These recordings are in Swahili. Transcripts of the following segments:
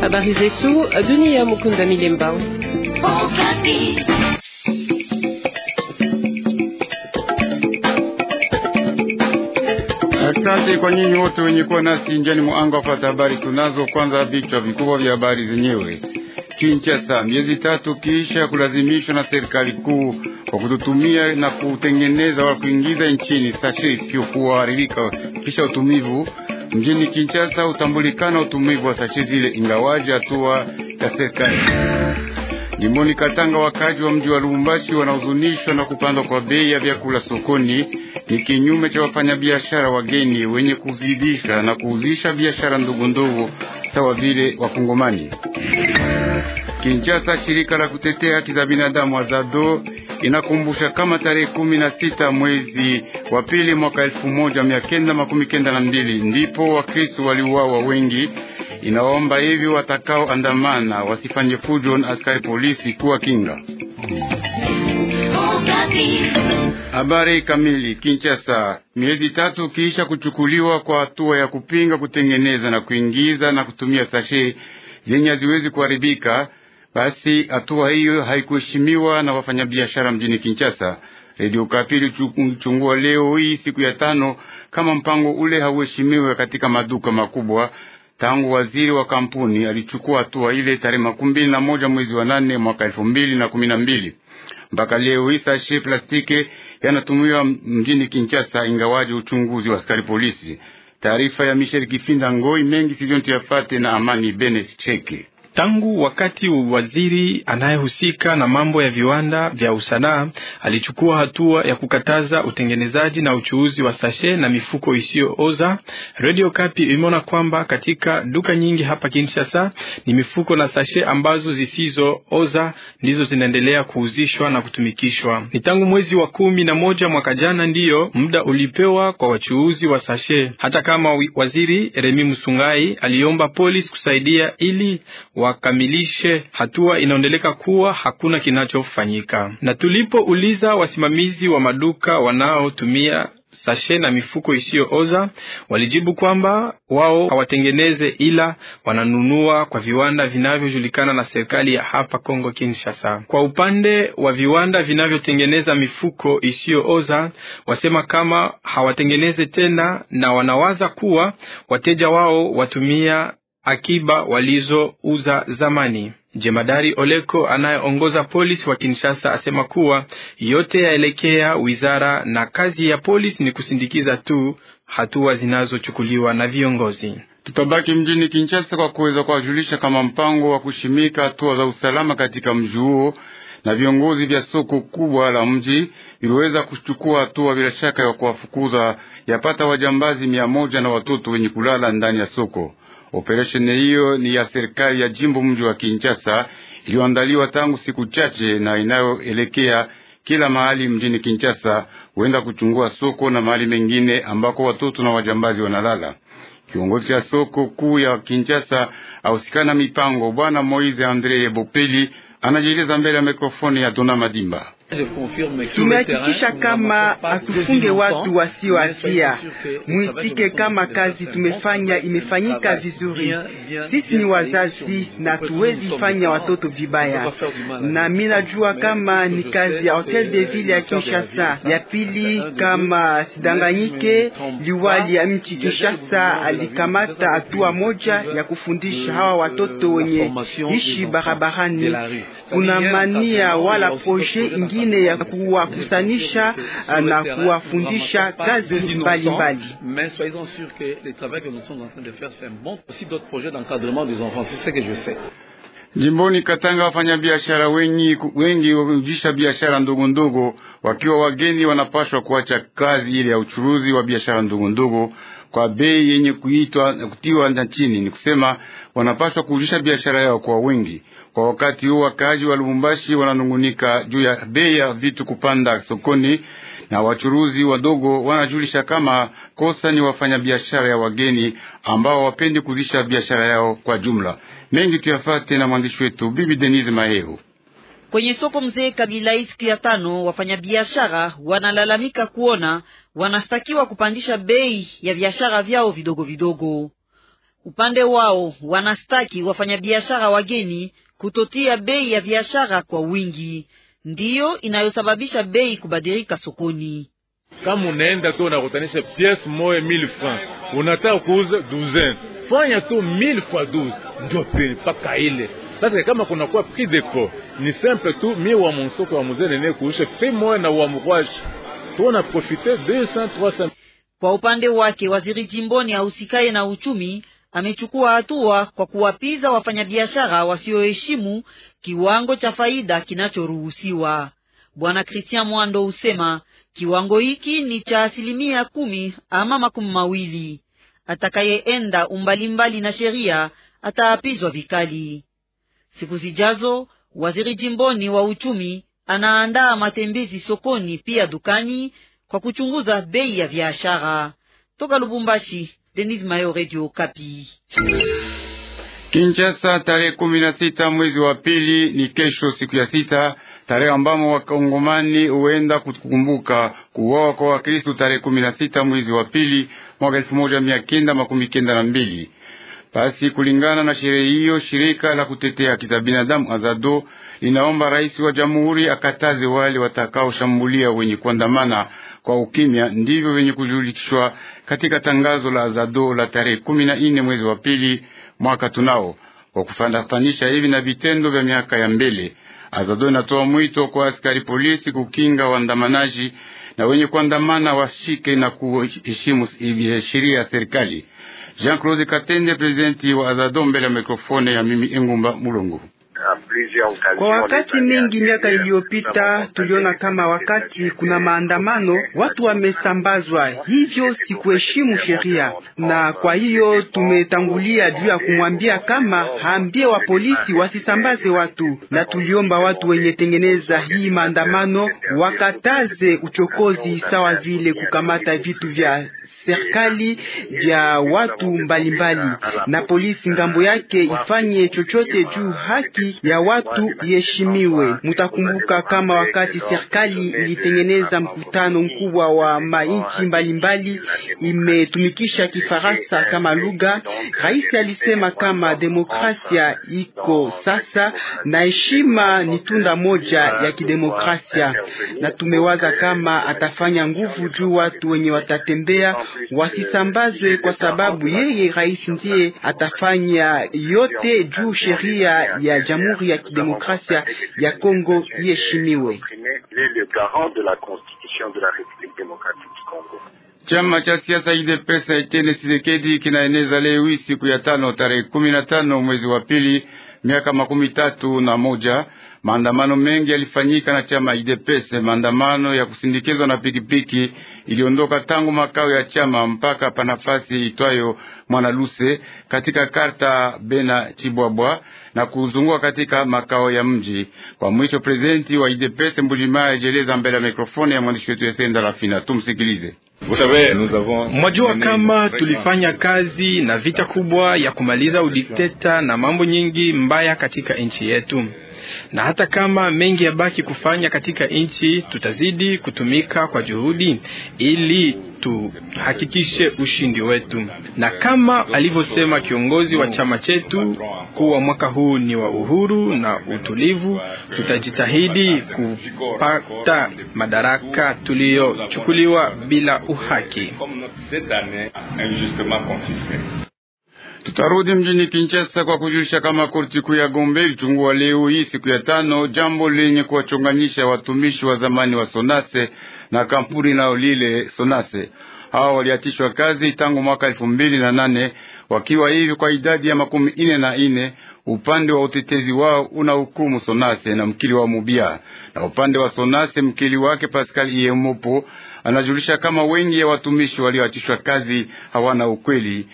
Habari zetu Dunia Mukunda Milemba. Okapi. Asante kwa nyinyi wote wenye kuwa nasi njiani muanga wafata habari. Tunazo kwanza vichwa vikubwa vya habari zenyewe. Kinshasa, miezi tatu kisha kulazimishwa na serikali kuu kwa kututumia na kutengeneza wa kuingiza nchini sachet isiyokuwa haribika kisha utumivu mjini Kinshasa utambulikana utumivu wa sashe zile, ingawaji hatua ya serikali jimboni Katanga. Wakaji wa mji wa Lubumbashi wanahuzunishwa na kupanda kwa bei ya vyakula sokoni, ni kinyume cha wafanyabiashara wageni wenye kuzidisha na kuuzisha biashara ndogo ndogo sawa vile Wakongomani. Kinshasa, shirika la kutetea haki za binadamu Azado inakumbusha kama tarehe kumi na sita mwezi wa pili mwaka elfu moja mia kenda makumi kenda na mbili ndipo Wakristo waliuawa wengi. Inaomba hivi watakaoandamana wasifanye fujo na askari polisi kuwa kinga Habari kamili. Kinshasa, miezi tatu kisha kuchukuliwa kwa hatua ya kupinga kutengeneza na kuingiza na kutumia sashe zenye haziwezi kuharibika, basi hatua hiyo haikuheshimiwa na wafanyabiashara mjini Kinshasa. Redio Kapi ilichungua leo hii siku ya tano kama mpango ule hauheshimiwe katika maduka makubwa tangu waziri wa kampuni alichukua hatua ile tarehe makumi mbili na moja mwezi wa nane mwaka elfu mbili na kumi na mbili. Mpaka leo hii sashe plastiki yanatumiwa mjini Kinshasa, ingawaji uchunguzi wa askari polisi. Taarifa ya Michel Kifinda Ngoi mengi sijonto yafate na Amani Bene Cheke. Tangu wakati waziri anayehusika na mambo ya viwanda vya usanaa alichukua hatua ya kukataza utengenezaji na uchuuzi wa sashe na mifuko isiyooza, Radio Kapi imeona kwamba katika duka nyingi hapa Kinshasa ni mifuko na sashe ambazo zisizooza ndizo zinaendelea kuuzishwa na kutumikishwa. Ni tangu mwezi wa kumi na moja mwaka jana ndiyo muda ulipewa kwa wachuuzi wa sashe, hata kama waziri Remi Musungai aliomba polisi kusaidia ili wa wakamilishe hatua, inaondeleka kuwa hakuna kinachofanyika. Na tulipouliza wasimamizi wa maduka wanaotumia sashe na mifuko isiyooza walijibu kwamba wao hawatengeneze ila wananunua kwa viwanda vinavyojulikana na serikali ya hapa Kongo Kinshasa. Kwa upande wa viwanda vinavyotengeneza mifuko isiyooza, wasema kama hawatengeneze tena na wanawaza kuwa wateja wao watumia akiba walizouza zamani. Jemadari Oleko anayeongoza polisi wa Kinshasa asema kuwa yote yaelekea wizara na kazi ya polisi ni kusindikiza tu hatua zinazochukuliwa na viongozi. Tutabaki mjini Kinshasa kwa kuweza kuwajulisha kama mpango wa kushimika hatua za usalama katika mji huo na viongozi vya soko kubwa la mji viliweza kuchukua hatua bila shaka ya kuwafukuza yapata wajambazi mia moja na watoto wenye kulala ndani ya soko. Operesheni hiyo ni ya serikali ya jimbo mji wa Kinshasa iliyoandaliwa tangu siku chache na inayoelekea kila mahali mjini Kinshasa, huenda kuchungua soko na mahali mengine ambako watoto na wajambazi wanalala. Kiongozi cha soko kuu ya Kinshasa ahusikana mipango, bwana Moise Andre Bopeli anajieleza mbele ya mikrofoni ya Dona Madimba. Tumehakikisha kama hatufunge watu wasio atia, mwitike kama kazi tumefanya imefanyika vizuri. Sisi ni wazazi na tuwezi fanya watoto vibaya, na mina najua kama ni kazi ya Hotel de Ville ya Kinshasa. Ya pili, kama sidanganyike, liwali ya mchi Kinshasa alikamata hatua moja ya kufundisha hawa watoto wenye ishi barabarani. Kuna mania wala proje ingi nyingine ya kuwakusanisha ah, na kuwafundisha kazi mbalimbali. Jimboni Katanga, wafanyabiashara wengi wengi hujisha biashara ndogo ndogo, wakiwa wageni wanapashwa kuacha kazi ile ya uchuruzi wa biashara ndogo ndogo kwa bei yenye kuitwa kutiwa na chini. Ni kusema wanapashwa kuujisha biashara yao kwa wengi. Kwa wakati huu wakaaji wa Lubumbashi wananungunika juu ya bei ya vitu kupanda sokoni, na wachuruzi wadogo wanajulisha kama kosa ni wafanyabiashara ya wageni ambao wapendi kuzisha biashara yao kwa jumla. Mengi tuyafate na mwandishi wetu Bibi Denise Mahehu. Kwenye soko mzee Kabila hii siku ya tano, wafanyabiashara wanalalamika kuona wanastakiwa kupandisha bei ya biashara vyao vidogo vidogo. Upande wao wanastaki wafanyabiashara wageni kutotia bei ya biashara kwa wingi ndiyo inayosababisha bei kubadilika sokoni. Kama unaenda tu unakutanisha piese moya 1000 francs, unataka kuuza dozen, fanya tu 1000 fois 12 ndio bei mpaka ile sasa. Kama kunakuwa prix depo, ni simple tu mi wa monsoko wa muzene ne kuuza prix moya na wa tu na profiter 200 300. Kwa upande wake waziri jimboni ahusikaye na uchumi amechukua hatua kwa kuwapiza wafanyabiashara wasioheshimu kiwango cha faida kinachoruhusiwa. Bwana Christian Mwando husema kiwango hiki ni cha asilimia kumi ama makumi mawili. Atakayeenda umbali mbali na sheria ataapizwa vikali. Siku zijazo, waziri jimboni wa uchumi anaandaa matembezi sokoni pia dukani kwa kuchunguza bei ya biashara. Toka Lubumbashi, Denis Mayo, Radio Okapi. Kinshasa, tarehe kumi na sita mwezi wa pili, ni kesho, siku ya sita tarehe ambamo wakongomani huenda kukumbuka kuuawa kwa Wakristu tarehe kumi na sita mwezi wa pili mwaka elfu moja mia kenda makumi kenda na mbili. Basi kulingana na sherehe hiyo, shirika la kutetea haki za binadamu Azado inaomba rais wa jamhuri akataze wale watakaoshambulia wenye kuandamana kwa ukimya. Ndivyo wenye kujulikishwa katika tangazo la Azado la tarehe kumi na nne mwezi wa pili mwaka tunao, kwa kufanafanisha hivi na vitendo vya miaka ya mbele. Azado inatoa mwito kwa askari polisi kukinga waandamanaji na wenye kuandamana washike na kuheshimu sheria ya serikali. Jean Claude Katende, presidenti wa Azado, mbele ya mikrofone ya mimi Engumba Mulongo. Kwa wakati mingi miaka iliyopita tuliona kama wakati kuna maandamano watu wamesambazwa, hivyo si kuheshimu sheria, na kwa hiyo tumetangulia juu ya kumwambia kama haambie wa polisi wasisambaze watu, na tuliomba watu wenye tengeneza hii maandamano wakataze uchokozi sawa vile kukamata vitu vya serikali vya watu mbalimbali mbali, na polisi ngambo yake ifanye chochote juu haki ya watu iheshimiwe. Mutakumbuka kama wakati serikali ilitengeneza mkutano mkubwa wa mainchi mbalimbali imetumikisha Kifaransa kama lugha. Rais alisema kama demokrasia iko sasa na heshima ni tunda moja ya kidemokrasia, na tumewaza kama atafanya nguvu juu watu wenye watatembea wasisambazwe, kwa sababu yeye rais ndiye atafanya yote juu sheria ya Jamhuri ya Kidemokrasia ya Kongo iheshimiwe. Chama cha siasa UDPS Etienne Tshisekedi kinaeneza leo siku ya tano tarehe kumi na tano mwezi wa pili miaka makumi tatu na moja Maandamano mengi yalifanyika na chama idepese. Maandamano ya kusindikizwa na pikipiki iliondoka tangu makao ya chama mpaka panafasi itwayo Mwanaluse katika karta Bena Chibwabwa na kuzunguka katika makao ya mji. Kwa mwisho, prezidenti wa idepese Mbujimaya ajieleza mbele ya mikrofoni ya mwandishi wetu Yesenda Rafina. Tumsikilize. Mwajua kama tulifanya kazi na vita kubwa ya kumaliza udikteta na mambo nyingi mbaya katika nchi yetu na hata kama mengi yabaki kufanya katika nchi, tutazidi kutumika kwa juhudi ili tuhakikishe ushindi wetu, na kama alivyosema kiongozi wa chama chetu kuwa mwaka huu ni wa uhuru na utulivu, tutajitahidi kupata madaraka tuliyochukuliwa bila uhaki. Tutarudi mjini Kinshasa kwa kujulisha kama korti kuu ya Gombe ilichungua leo hii siku ya tano jambo lenye kuwachonganyisha watumishi wa zamani wa Sonase na kampuni nao lile Sonase. Hao waliachishwa kazi tangu mwaka elfu mbili na nane wakiwa hivi kwa idadi ya makumi ine na ine. Upande wa utetezi wao una hukumu Sonase na mkili wa Mubia, na upande wa Sonase mkili wake Pascal iemopo anajulisha kama wengi ya watumishi walioachishwa kazi hawana ukweli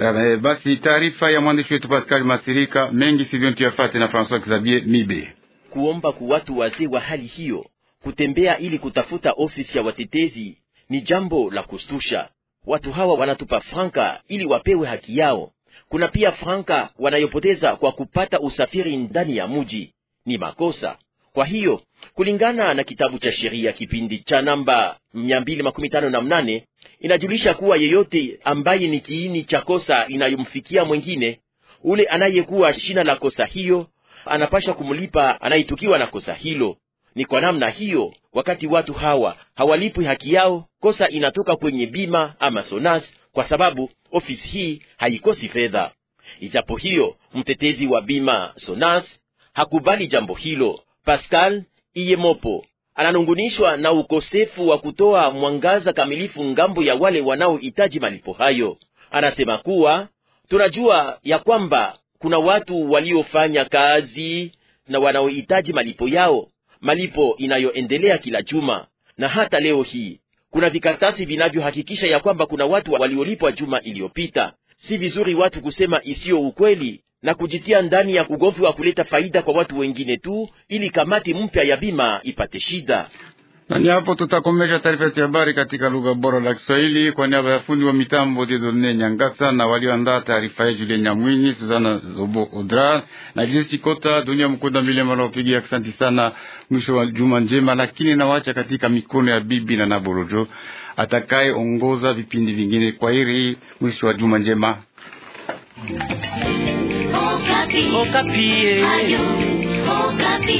Eh, basi taarifa ya mwandishi wetu Pascal Masirika mengi sivyo tuyafate na François Xavier Mibe. Kuomba kwa watu wazee wa hali hiyo kutembea ili kutafuta ofisi ya watetezi ni jambo la kustusha. Watu hawa wanatupa franka ili wapewe haki yao. Kuna pia franka wanayopoteza kwa kupata usafiri ndani ya muji, ni makosa. Kwa hiyo kulingana na kitabu cha sheria kipindi cha namba 258 inajulisha kuwa yeyote ambaye ni kiini cha kosa inayomfikia mwengine, ule anayekuwa shina la kosa hiyo anapasha kumlipa anayetukiwa na kosa hilo. Ni kwa namna hiyo, wakati watu hawa hawalipwi haki yao, kosa inatoka kwenye bima ama SONAS, kwa sababu ofisi hii haikosi fedha. Ijapo hiyo, mtetezi wa bima SONAS hakubali jambo hilo. Pascal Iyemopo ananungunishwa na ukosefu wa kutoa mwangaza kamilifu ngambo ya wale wanaohitaji malipo hayo. Anasema kuwa tunajua ya kwamba kuna watu waliofanya kazi na wanaohitaji malipo yao, malipo inayoendelea kila juma na hata leo hii. Kuna vikaratasi vinavyohakikisha ya kwamba kuna watu waliolipwa juma iliyopita. Si vizuri watu kusema isiyo ukweli na kujitia ndani ya ugovi wa kuleta faida kwa watu wengine tu, ili kamati mpya ya bima ipate shida. Na ni hapo tutakomesha taarifa yetu ya habari katika lugha bora la Kiswahili kwa niaba ya fundi wa mitambo Dieudonne Nyangasa na walioandaa taarifa hii, Julien Nyamwini, Suzana Zobo Odra na Jesi Kota. Dunia Mkunda Milema naopigia asante sana. Mwisho wa juma njema, lakini nawacha katika mikono ya bibi na Naborojo atakayeongoza vipindi vingine. Kwa heri, mwisho wa juma njema. Okapi. Okapi.